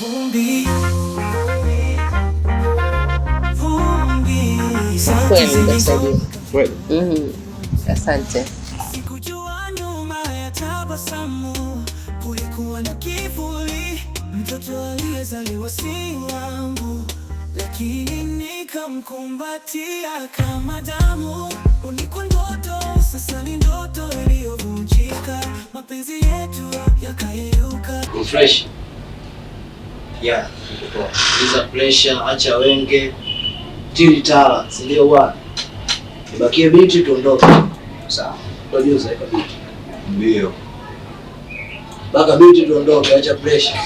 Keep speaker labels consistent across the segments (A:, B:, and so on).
A: Vumbi, vumbi, mhm. asante. Sikujua nyuma ya tabasamu kulikuwa na kivuli, mtoto aliyezaliwa si wangu, lakini
B: nikamkumbatia kama damu. Ulikuwa ndoto, sasa ni ndoto iliyovunjika, mapenzi yetu yakayeyuka. Fresh. Yeah. kutoa iza pressure, acha wenge Tiri tala, si ndio bwana? Nibakie biti tuondoke, sawa? Unajua sasa hivi biti ndio baka biti tuondoke, acha pressure.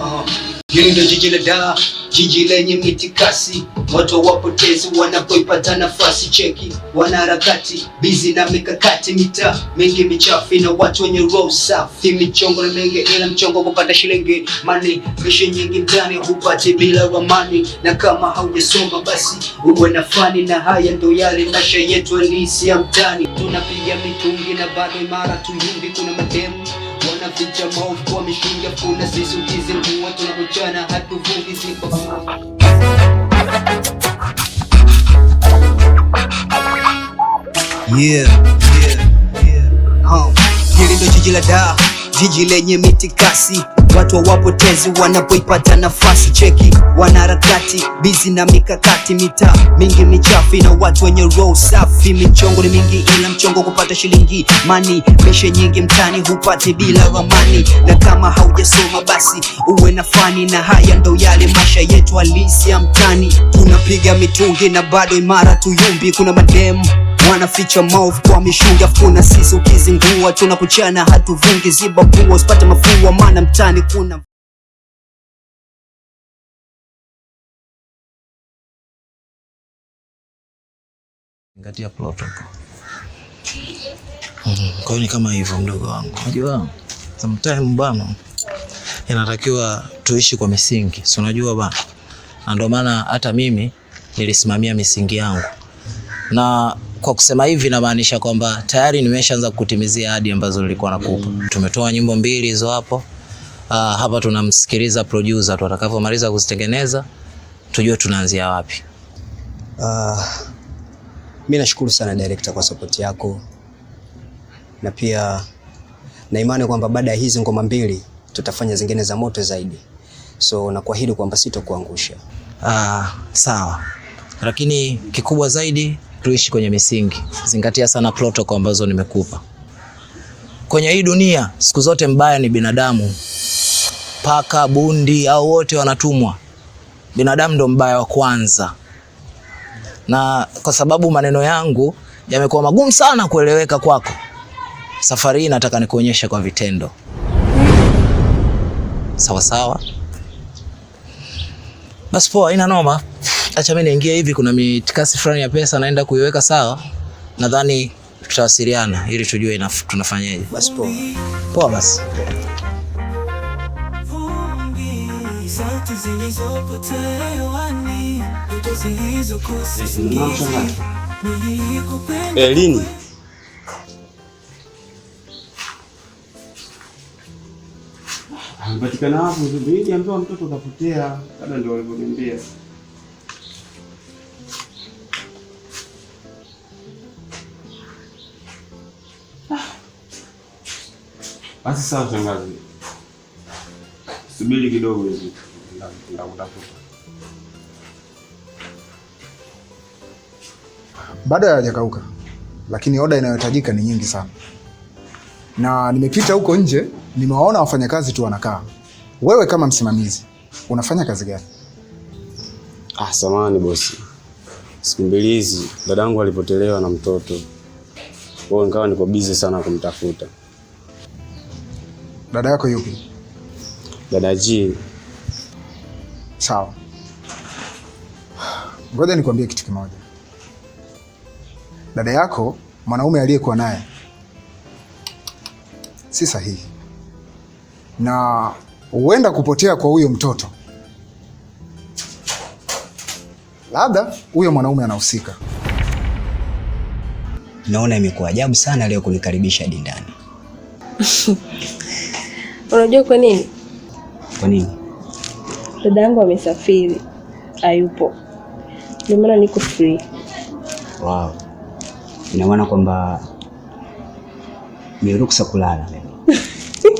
B: Oh. Hili ndo jiji la daa, jiji lenye mitikasi, moto wapotezi wanapoipata nafasi. Cheki wanaharakati bizi na mikakati, mitaa mingi michafu na watu wenye roho safi, michongo na mengi, ila mchongo kupata shilingi mani, mishe nyingi ndani hupati bila ramani, na kama haujasoma basi uwe na fani. Na haya ndo yale maisha yetu halisi ya mtani, tunapiga mitungi na bado imara tuyumbi, kuna mademu na vicha maovu wameshinda, kuna sisi ujizi ukizingua tunakuchana, hatuvuki sipa Yeah, yeah, yeah. Oh. Hili ndo jiji la daa, jiji lenye kasi, watu wa wapotezi wanapoipata nafasi. Cheki wanaharakati bizi na mikakati, mitaa mingi michafu na watu wenye roho safi. Michongo ni mingi, ila mchongo kupata shilingi mani, meshe nyingi mtani hupati bila ramani, na kama haujasoma basi uwe na fani, na haya ndo yale maisha yetu halisi ya mtani. Tunapiga mitungi na bado imara tuyumbi, kuna mademu wanaficha mouth kwa mishungi, afu na sisi ukizingua hatu hatuvungi ziba pua, usipate mafua, maana mtani kuna
C: ngatia protocol. Mm-hmm. Kwa hiyo ni kama hivyo, mdogo wangu, unajua sometimes bwana, inatakiwa tuishi kwa misingi, si unajua bwana, na ndio maana hata mimi nilisimamia misingi yangu na kwa kusema hivi namaanisha kwamba tayari nimeshaanza kutimizia ahadi ambazo nilikuwa nakupa. Mm. Tumetoa nyimbo mbili hizo hapo. Uh, hapa tunamsikiliza producer tu, atakapomaliza kuzitengeneza tujue tunaanzia wapi.
D: Uh, mi nashukuru sana director kwa support yako na pia na imani kwamba baada ya hizi ngoma mbili tutafanya zingine za moto zaidi, so na kuahidi kwamba sitokuangusha.
C: Uh, sawa, lakini kikubwa zaidi tuishi kwenye misingi, zingatia sana protoko ambazo nimekupa. Kwenye hii dunia siku zote mbaya ni binadamu, paka, bundi au wote wanatumwa. Binadamu ndo mbaya wa kwanza, na kwa sababu maneno yangu yamekuwa magumu sana kueleweka kwako, safari hii nataka nikuonyeshe kwa vitendo. Sawa sawa, basi poa, ina noma acha mimi niingie hivi, kuna mitikasi fulani ya pesa naenda kuiweka sawa, nadhani tutawasiliana ili tujue tunafanyaje. Basi poa poa, basi Elini
D: patikana hapo, ambiwa mtoto kapotea, labda ndio walivyoniambia.
B: Basi sawa shangazi, subiri kidogo hivi ndakutafuta.
E: Bado hayajakauka, lakini oda inayohitajika ni nyingi sana, na nimepita huko nje, nimewaona wafanyakazi tu wanakaa. Wewe kama msimamizi unafanya kazi gani?
B: Ah, samani bosi, siku mbili hizi dadangu alipotelewa na mtoto, kwa hiyo nikawa niko busy sana kumtafuta
E: Dada yako yupi?
B: Dada G.
E: Sawa. Ngoja nikuambie kitu kimoja. Dada yako mwanaume aliyekuwa naye si sahihi, na huenda kupotea kwa huyo mtoto, labda huyo mwanaume anahusika.
C: Naona imekuwa ajabu sana leo kunikaribisha dindani
F: Unajua kwa nini? Kwa nini? Dada yangu amesafiri, hayupo, ndio maana niko free.
C: Wow, ina maana kwamba ni ruksa kulala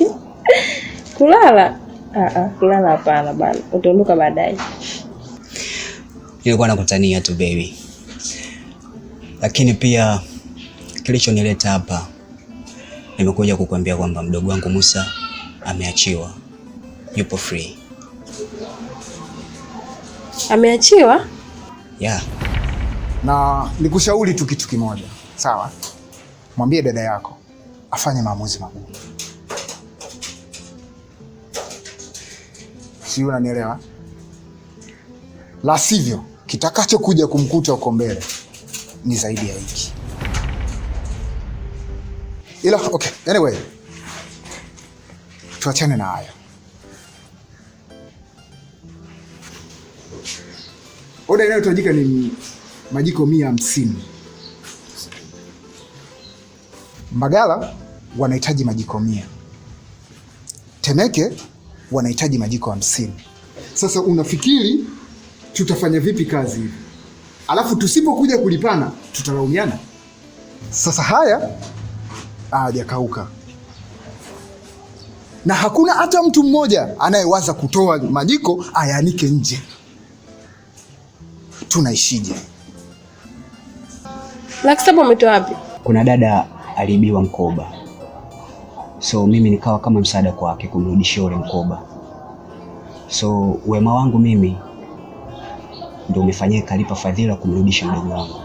F: kulala? Aa, kulala hapana bana, utaondoka baadaye.
C: Nilikuwa nakutania tu baby, lakini pia kilichonileta hapa nimekuja kukuambia kwamba mdogo wangu Musa ameachiwa, yupo free.
F: Ameachiwa
C: yeah.
E: Na nikushauri tu kitu kimoja, sawa? Mwambie dada yako afanye maamuzi magumu, si unanielewa? La sivyo kitakachokuja kumkuta uko mbele ni zaidi ya hiki, ila okay, anyway tuachane na haya. Oda inayotajika ni majiko mia hamsini. Mbagala wanahitaji majiko mia. Temeke wanahitaji majiko hamsini. Sasa unafikiri tutafanya vipi kazi hivi? Alafu tusipokuja kulipana tutalaumiana. Sasa haya Ah, na hakuna hata mtu mmoja anayewaza kutoa majiko ayanike nje. Tunaishije?
F: laki saba umetoa wapi?
C: Kuna dada aliibiwa mkoba, so mimi nikawa kama msaada kwake kumrudishia ule mkoba. So wema wangu mimi ndio umefanyia kalipa fadhila kumrudisha mdogo wangu.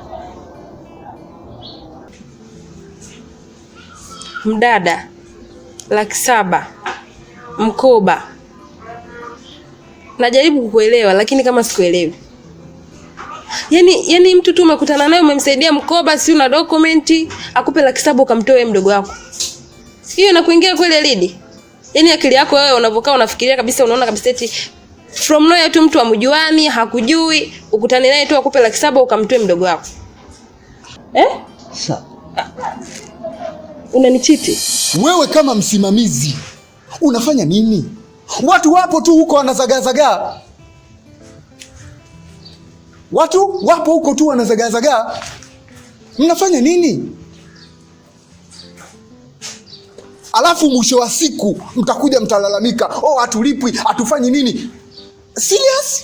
F: Mdada, laki saba mkoba. Najaribu kukuelewa lakini kama sikuelewi. Yaani yaani mtu tu umekutana naye umemsaidia mkoba, si una dokumenti, akupe laki saba ukamtoe mdogo wako. Hiyo inakuingia kweli Lidi? Yaani akili yako wewe unavokaa unafikiria kabisa unaona kabisa eti from nowhere tu mtu amjuani, hakujui, ukutane naye tu akupe laki saba ukamtoe mdogo wako. Eh? Sasa. Unanichiti?
E: Wewe kama msimamizi Unafanya nini? Watu wapo tu huko wanazagaazagaa, watu wapo huko tu wanazagaazagaa. Mnafanya nini? Alafu mwisho wa siku mtakuja mtalalamika, oh, hatulipwi hatufanyi nini. Serious?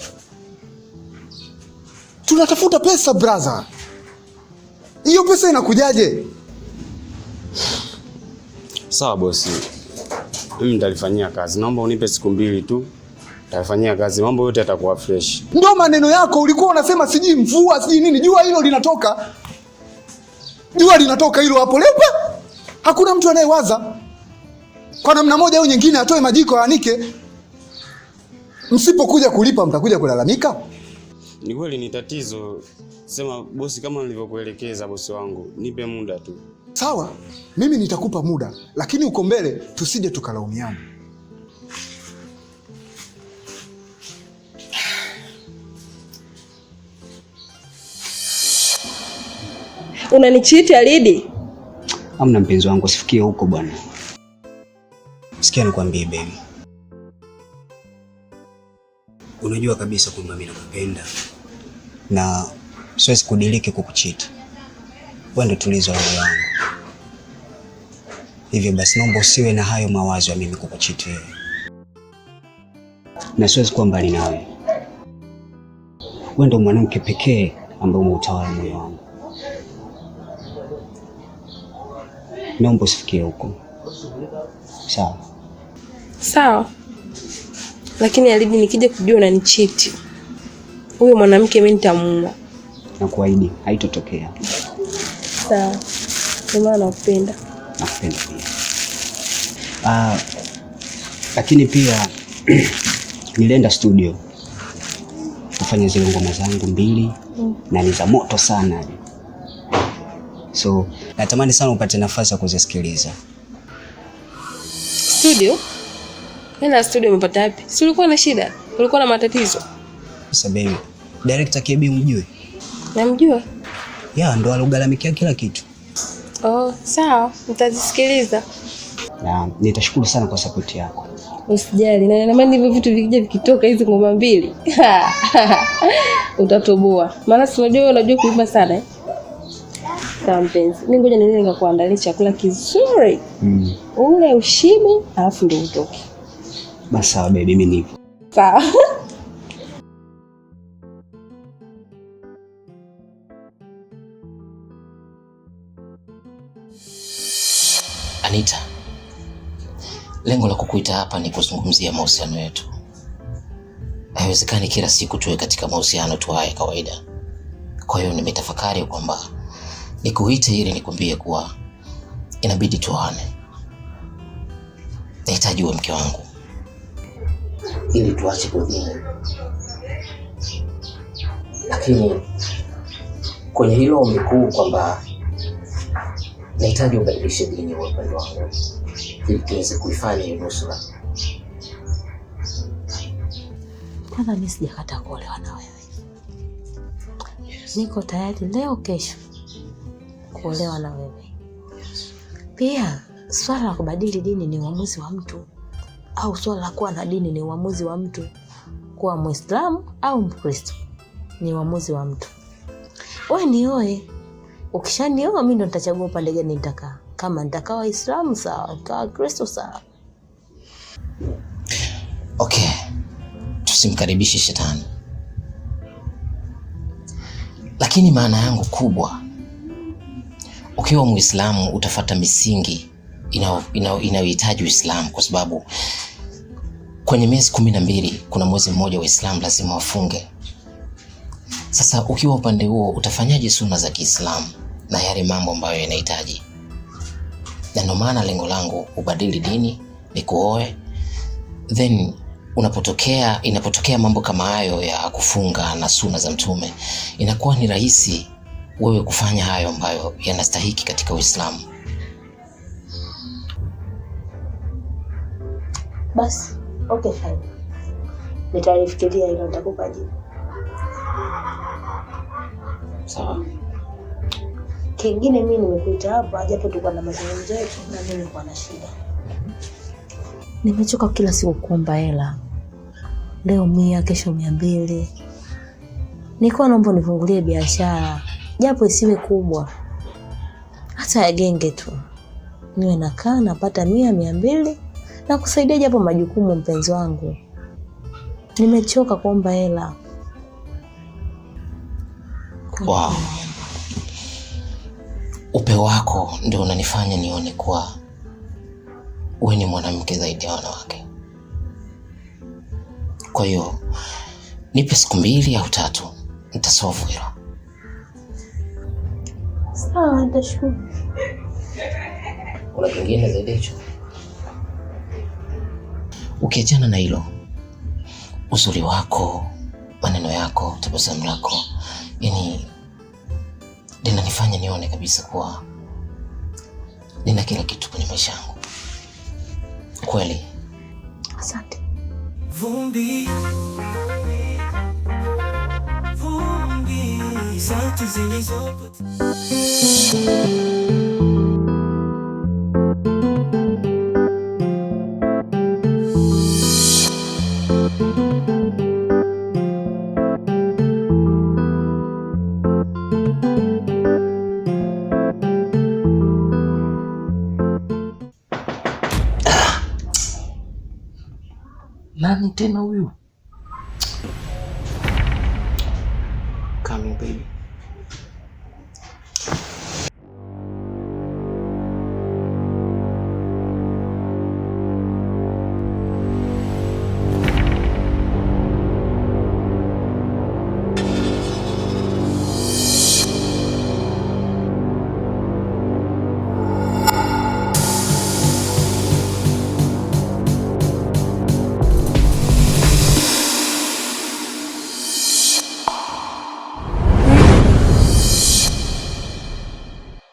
E: tunatafuta pesa brother. Hiyo pesa inakujaje?
B: Sawa bosi mimi nitalifanyia kazi, naomba unipe siku mbili tu, Nitafanyia kazi, mambo yote yatakuwa fresh.
E: Ndio maneno yako ulikuwa unasema sijui mvua sijui nini, jua hilo linatoka, jua linatoka hilo hapo. Leo hakuna mtu anayewaza kwa namna moja au nyingine atoe majiko aanike. Msipokuja kulipa mtakuja kulalamika.
B: Ni kweli ni tatizo, sema bosi, kama nilivyokuelekeza bosi wangu, nipe muda tu.
E: Sawa, mimi nitakupa muda, lakini uko mbele tusije tukalaumiana.
F: Unanichiti Alidi?
C: Amna mpenzi wangu, sifikie huko bwana. Sikia nikwambie baby, unajua kabisa kwamba mimi nakupenda na siwezi kudiriki kukuchita Wewe ndio tulizo wangu. Hivyo basi naomba usiwe na hayo mawazo ya mimi kukuchiti na siwezi kuwa mbali nawe. Wewe ndio mwanamke pekee ambaye umeutawala moyo wangu. Naomba usifikie huko, sawa
F: sawa. Lakini alidi nikija kujua unanichiti huyo mwanamke, mimi nitamuua
C: na kuahidi haitotokea.
F: Sawa, ndio maana nakupenda
C: mapenzi Uh, ah, lakini pia nilienda studio kufanya zile ngoma zangu mbili mm. na ni za moto sana, so natamani sana upate nafasi ya kuzisikiliza.
F: Studio? Nenda studio, umepata wapi? Si ulikuwa na shida, ulikuwa na matatizo.
C: Sasa baby, director KB mjue? Namjua. Ya ndo alogharamikia kila kitu
F: Oh, sawa, nitazisikiliza
C: na nitashukuru sana kwa sapoti yako.
F: Usijali, na naamini hivyo vitu vikija vikitoka hizi ngoma mbili utatoboa, maana si unajua, unajua kuimba sana eh? Sawa mpenzi, mimi ngoja niende nikakuandalia chakula kizuri mm. Ule ushibe alafu ndio utoke.
C: Basi sawa baby, mimi nipo sawa. Anita, lengo la kukuita hapa ni kuzungumzia mahusiano yetu. Haiwezekani kila siku tuwe katika mahusiano tu haya kawaida. Kwa hiyo nimetafakari kwamba nikuite ili nikwambie kuwa inabidi tuane Nahitaji uwe mke wangu ili tuache kudhia, lakini kwenye hilo umekuu kwamba nahitaji ubadilishe dini wa upande wangu ili tuweze kuifanya hiyo nusura.
G: Kwanza mimi sijakata kuolewa na wewe, Niko tayari leo kesho kuolewa na wewe pia. Swala la kubadili dini ni uamuzi wa mtu, au swala la kuwa na dini ni uamuzi wa mtu. Kuwa Muislamu au Mkristo ni uamuzi wa mtu. Wewe nioe Ukishanioa mi ndo nitachagua pale gani nitakaa, kama nitakaa Waislamu sawa, nitakaa Wakristo sawa.
C: Okay, tusimkaribishe shetani, lakini maana yangu kubwa, ukiwa Muislamu utafata misingi inayohitaji Uislamu kwa sababu kwenye miezi kumi na mbili kuna mwezi mmoja Waislamu lazima wafunge. Sasa ukiwa upande huo utafanyaje suna za Kiislamu na yale mambo ambayo yanahitaji? Na ndio maana lengo langu ubadili dini ni kuoe, then unapotokea inapotokea mambo kama hayo ya kufunga na suna za Mtume, inakuwa ni rahisi wewe kufanya hayo ambayo yanastahiki katika Uislamu.
G: Basi okay, fine, nitalifikiria hilo, nitakupa jibu. Sawa. Kingine mimi nimekuita hapa japo tulikuwa na mazungumzo yetu na mimi nilikuwa na shida. Mhm. Nimechoka kila siku kuomba hela, leo mia, kesho mia mbili. Nilikuwa naomba nifungulie biashara japo isiwe kubwa, hata ya genge tu, niwe nakaa napata mia mia mbili na kusaidia japo majukumu. Mpenzi wangu, nimechoka kuomba hela
C: wow. Upeo wako ndio unanifanya nione kuwa wewe ni mwanamke zaidi ya wanawake. Kwa hiyo nipe siku mbili au tatu, nitasovu hilo.
G: Sawa, nitashukuru.
C: Kuna kingine zaidi hicho? Ukiachana na hilo, uzuri wako, maneno yako, tabasamu lako yani linanifanya nione kabisa kuwa nina kila kitu kwenye maisha yangu kweli.
G: Asante. Vumbi, vumbi, sauti zilizopotea
C: coming, baby.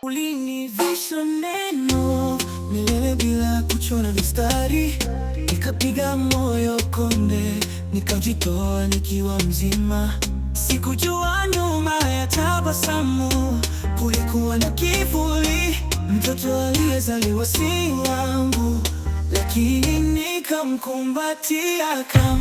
C: Ulinivisha neno milele bila kuchora mistari, nikapiga moyo konde, nikajitoa nikiwa mzima. Sikujua nyuma ya tabasamu kulikuwa na kivuli, mtoto aliyezaliwa si wangu, lakini nikamkumbatia kama